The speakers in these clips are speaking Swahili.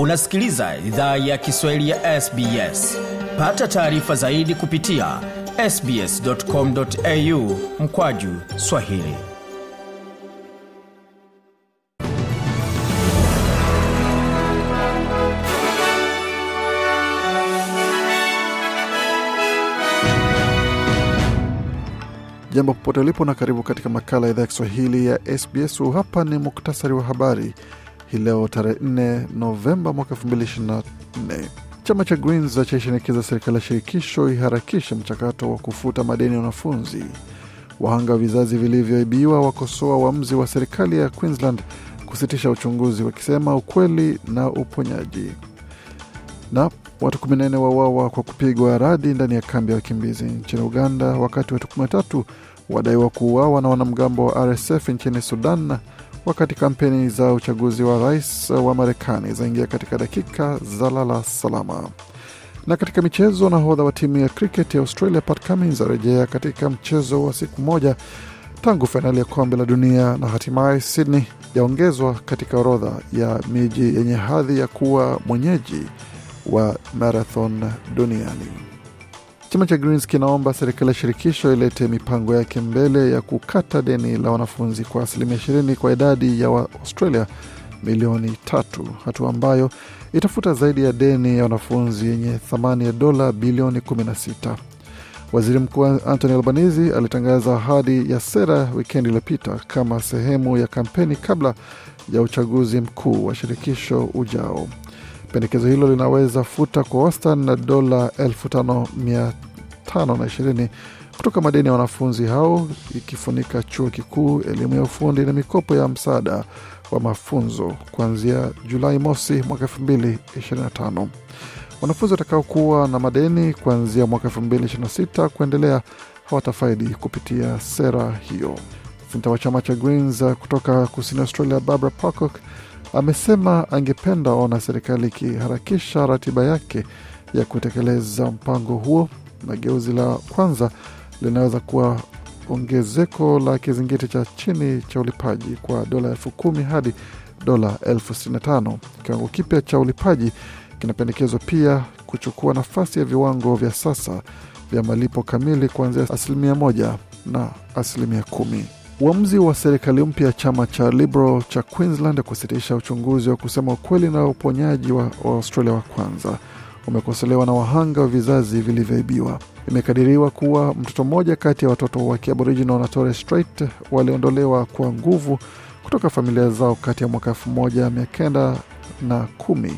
unasikiliza idhaa ya kiswahili ya sbs pata taarifa zaidi kupitia sbscomau mkwaju swahili jambo popote ulipo na karibu katika makala ya idhaa ya kiswahili ya sbs hapa ni muktasari wa habari hii leo tarehe 4 Novemba mwaka 2024. Chama cha Greens chaishinikiza serikali ya shirikisho iharakishe mchakato wa kufuta madeni ya wanafunzi. Wahanga wa vizazi vilivyoibiwa wakosoa uamuzi wa serikali ya Queensland kusitisha uchunguzi, wakisema ukweli na uponyaji. Na watu 14 wauawa kwa kupigwa radi ndani ya kambi ya wakimbizi nchini Uganda, wakati watu 13 wadaiwa kuuawa na wanamgambo wa RSF nchini Sudan wakati kampeni za uchaguzi wa rais wa Marekani zaingia katika dakika za lala salama. Na katika michezo, nahodha wa timu ya kriket ya Australia Pat Cummins arejea katika mchezo wa siku moja tangu fainali ya kombe la dunia, na hatimaye Sydney yaongezwa katika orodha ya miji yenye hadhi ya kuwa mwenyeji wa marathon duniani. Chama cha Greens kinaomba serikali ya shirikisho ilete mipango yake mbele ya kukata deni la wanafunzi kwa asilimia ishirini kwa idadi ya australia milioni tatu, hatua ambayo itafuta zaidi ya deni ya wanafunzi yenye thamani ya dola bilioni 16. Waziri Mkuu Anthony Albanese alitangaza ahadi ya sera wikendi iliyopita kama sehemu ya kampeni kabla ya uchaguzi mkuu wa shirikisho ujao. Pendekezo hilo linaweza futa kwa wastani na dola 5520 kutoka madeni ya wanafunzi hao, ikifunika chuo kikuu, elimu ya ufundi na mikopo ya msaada wa mafunzo kuanzia Julai mosi mwaka 2025. Wanafunzi watakaokuwa na madeni kuanzia mwaka 2026 kuendelea hawatafaidi kupitia sera hiyo. Seneta wa chama cha Greens uh, kutoka kusini Australia, Barbara Pocock amesema angependa ona serikali ikiharakisha ratiba yake ya kutekeleza mpango huo, na geuzi la kwanza linaweza kuwa ongezeko la kizingiti cha chini cha ulipaji kwa dola elfu kumi hadi dola elfu sitini na tano. Kiwango kipya cha ulipaji kinapendekezwa pia kuchukua nafasi ya viwango vya sasa vya malipo kamili kuanzia asilimia moja na asilimia kumi. Uamuzi wa serikali mpya ya chama cha Liberal cha Queensland kusitisha uchunguzi wa kusema ukweli na uponyaji wa Australia wa kwanza umekosolewa na wahanga wa vizazi vilivyoibiwa. Imekadiriwa kuwa mtoto mmoja kati ya watoto wa Kiaboriginal na Torres Strait waliondolewa kwa nguvu kutoka familia zao kati ya mwaka kenda na kumi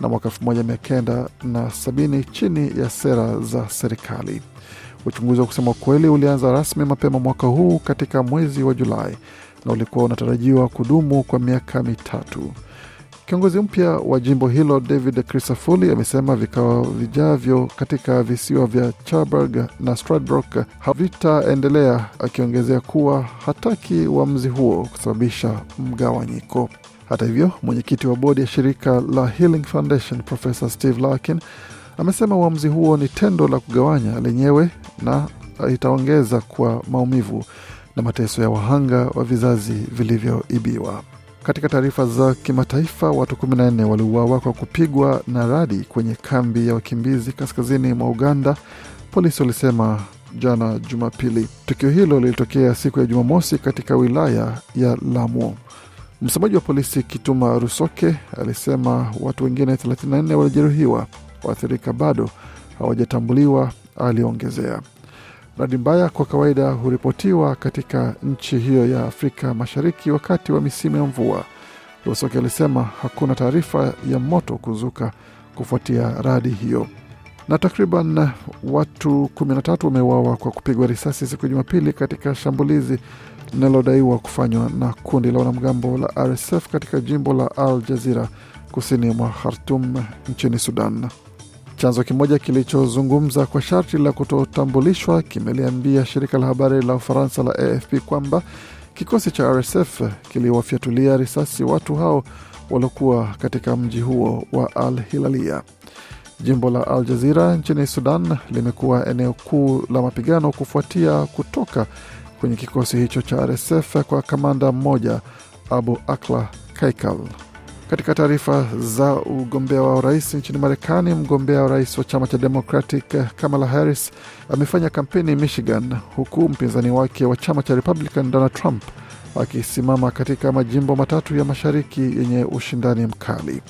na mwaka 1970 chini ya sera za serikali. Uchunguzi wa kusema kweli ulianza rasmi mapema mwaka huu katika mwezi wa Julai na ulikuwa unatarajiwa kudumu kwa miaka mitatu. Kiongozi mpya wa jimbo hilo David Crisafulli amesema vikao vijavyo katika visiwa vya Chaburg na Stradbroke havitaendelea, akiongezea kuwa hataki uamuzi huo kusababisha mgawanyiko. Hata hivyo, mwenyekiti wa bodi ya shirika la Healing Foundation Professor Steve Larkin Amesema uamuzi huo ni tendo la kugawanya lenyewe na itaongeza kwa maumivu na mateso ya wahanga wa vizazi vilivyoibiwa. Katika taarifa za kimataifa, watu 14 waliuawa kwa kupigwa na radi kwenye kambi ya wakimbizi kaskazini mwa Uganda, polisi walisema jana Jumapili. Tukio hilo lilitokea siku ya Jumamosi katika wilaya ya Lamu. Msemaji wa polisi Kituma Rusoke alisema watu wengine 34 walijeruhiwa waathirika bado hawajatambuliwa, aliongezea. Radi mbaya kwa kawaida huripotiwa katika nchi hiyo ya Afrika Mashariki wakati wa misimu ya mvua. Lusoke alisema hakuna taarifa ya moto kuzuka kufuatia radi hiyo. Na takriban watu 13 wameuawa kwa kupigwa risasi siku ya Jumapili katika shambulizi linalodaiwa kufanywa na kundi la wanamgambo la RSF katika jimbo la Al Jazira kusini mwa Khartum nchini Sudan. Chanzo kimoja kilichozungumza kwa sharti la kutotambulishwa kimeliambia shirika la habari la Ufaransa la AFP kwamba kikosi cha RSF kiliwafyatulia risasi watu hao waliokuwa katika mji huo wa Al Hilalia. Jimbo la Al Jazira nchini Sudan limekuwa eneo kuu la mapigano kufuatia kutoka kwenye kikosi hicho cha RSF kwa kamanda mmoja Abu Akla Kaikal. Katika taarifa za ugombea wa urais nchini Marekani, mgombea wa urais wa chama cha Democratic Kamala Harris amefanya kampeni Michigan, huku mpinzani wake wa chama cha Republican Donald Trump akisimama katika majimbo matatu ya mashariki yenye ushindani mkali.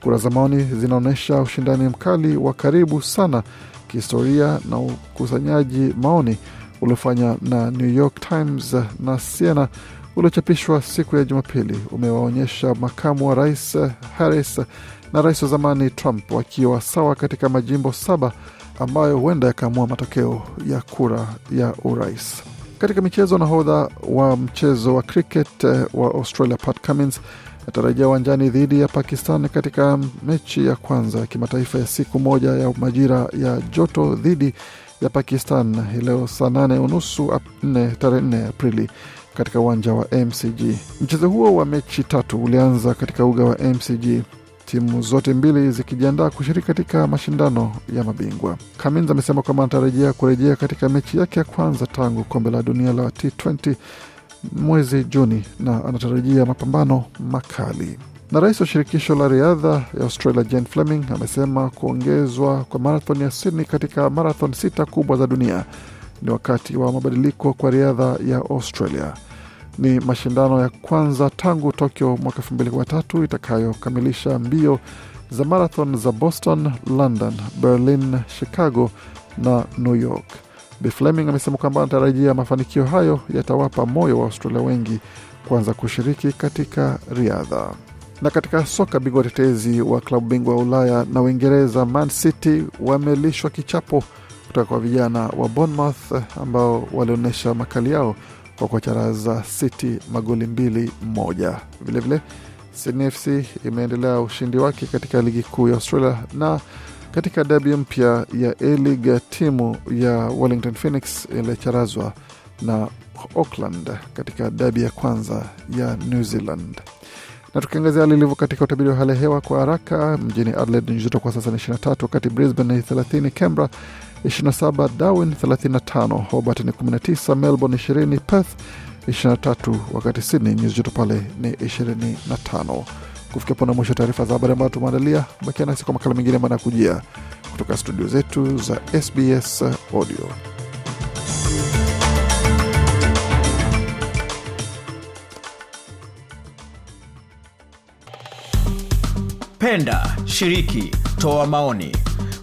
Kura za maoni zinaonyesha ushindani mkali wa karibu sana kihistoria na ukusanyaji maoni uliofanywa na New York Times na Siena uliochapishwa siku ya Jumapili umewaonyesha makamu wa rais eh, Harris eh, na rais wa zamani Trump wakiwa sawa katika majimbo saba ambayo huenda yakaamua matokeo ya kura ya urais. Katika michezo, nahodha wa mchezo wa cricket eh, wa Australia Pat Cummins atarejea uwanjani dhidi ya Pakistan katika mechi ya kwanza ya kimataifa ya siku moja ya majira ya joto dhidi ya Pakistan hii leo saa nane unusu nne tarehe nne Aprili katika uwanja wa MCG. Mchezo huo wa mechi tatu ulianza katika uga wa MCG, timu zote mbili zikijiandaa kushiriki katika mashindano ya mabingwa. Cummins amesema kwamba anatarajia kurejea katika mechi yake ya kwanza tangu kombe la dunia la T20 mwezi Juni na anatarajia mapambano makali. Na rais wa shirikisho la riadha ya Australia Jane Fleming amesema kuongezwa kwa marathon ya Sydney katika marathon sita kubwa za dunia ni wakati wa mabadiliko kwa riadha ya Australia. Ni mashindano ya kwanza tangu Tokyo mwaka 2023 itakayokamilisha mbio za marathon za Boston, London, Berlin, Chicago na New York. Bi Fleming amesema kwamba anatarajia mafanikio hayo yatawapa moyo wa Australia wengi kuanza kushiriki katika riadha. Na katika soka, bingwa watetezi wa klabu bingwa wa Ulaya na Uingereza, Man City wamelishwa kichapo kutoka kwa vijana wa Bournemouth ambao walionyesha makali yao kwa kuwacharaza City magoli mbili moja. Vilevile Sydney FC imeendelea ushindi wake katika ligi kuu ya Australia na katika derby mpya ya A-League timu ya Wellington Phoenix ilicharazwa na Auckland katika derby ya kwanza ya New Zealand. Na tukiangazia hali ilivyo katika utabiri wa hali ya hewa kwa haraka, mjini Adelaide ni joto kwa sasa ni 23, wakati Brisbane ni 30, Canberra 27, Darwin 35, Hobart ni 19, Melbourne 20, Perth 23, wakati Sydney nyuzi joto pale ni 25. Kufikia pona mwisho taarifa za habari ambayo tumeandalia, bakia nasi kwa makala mengine ambayo yanakujia kutoka studio zetu za SBS Audio. Penda, shiriki, toa maoni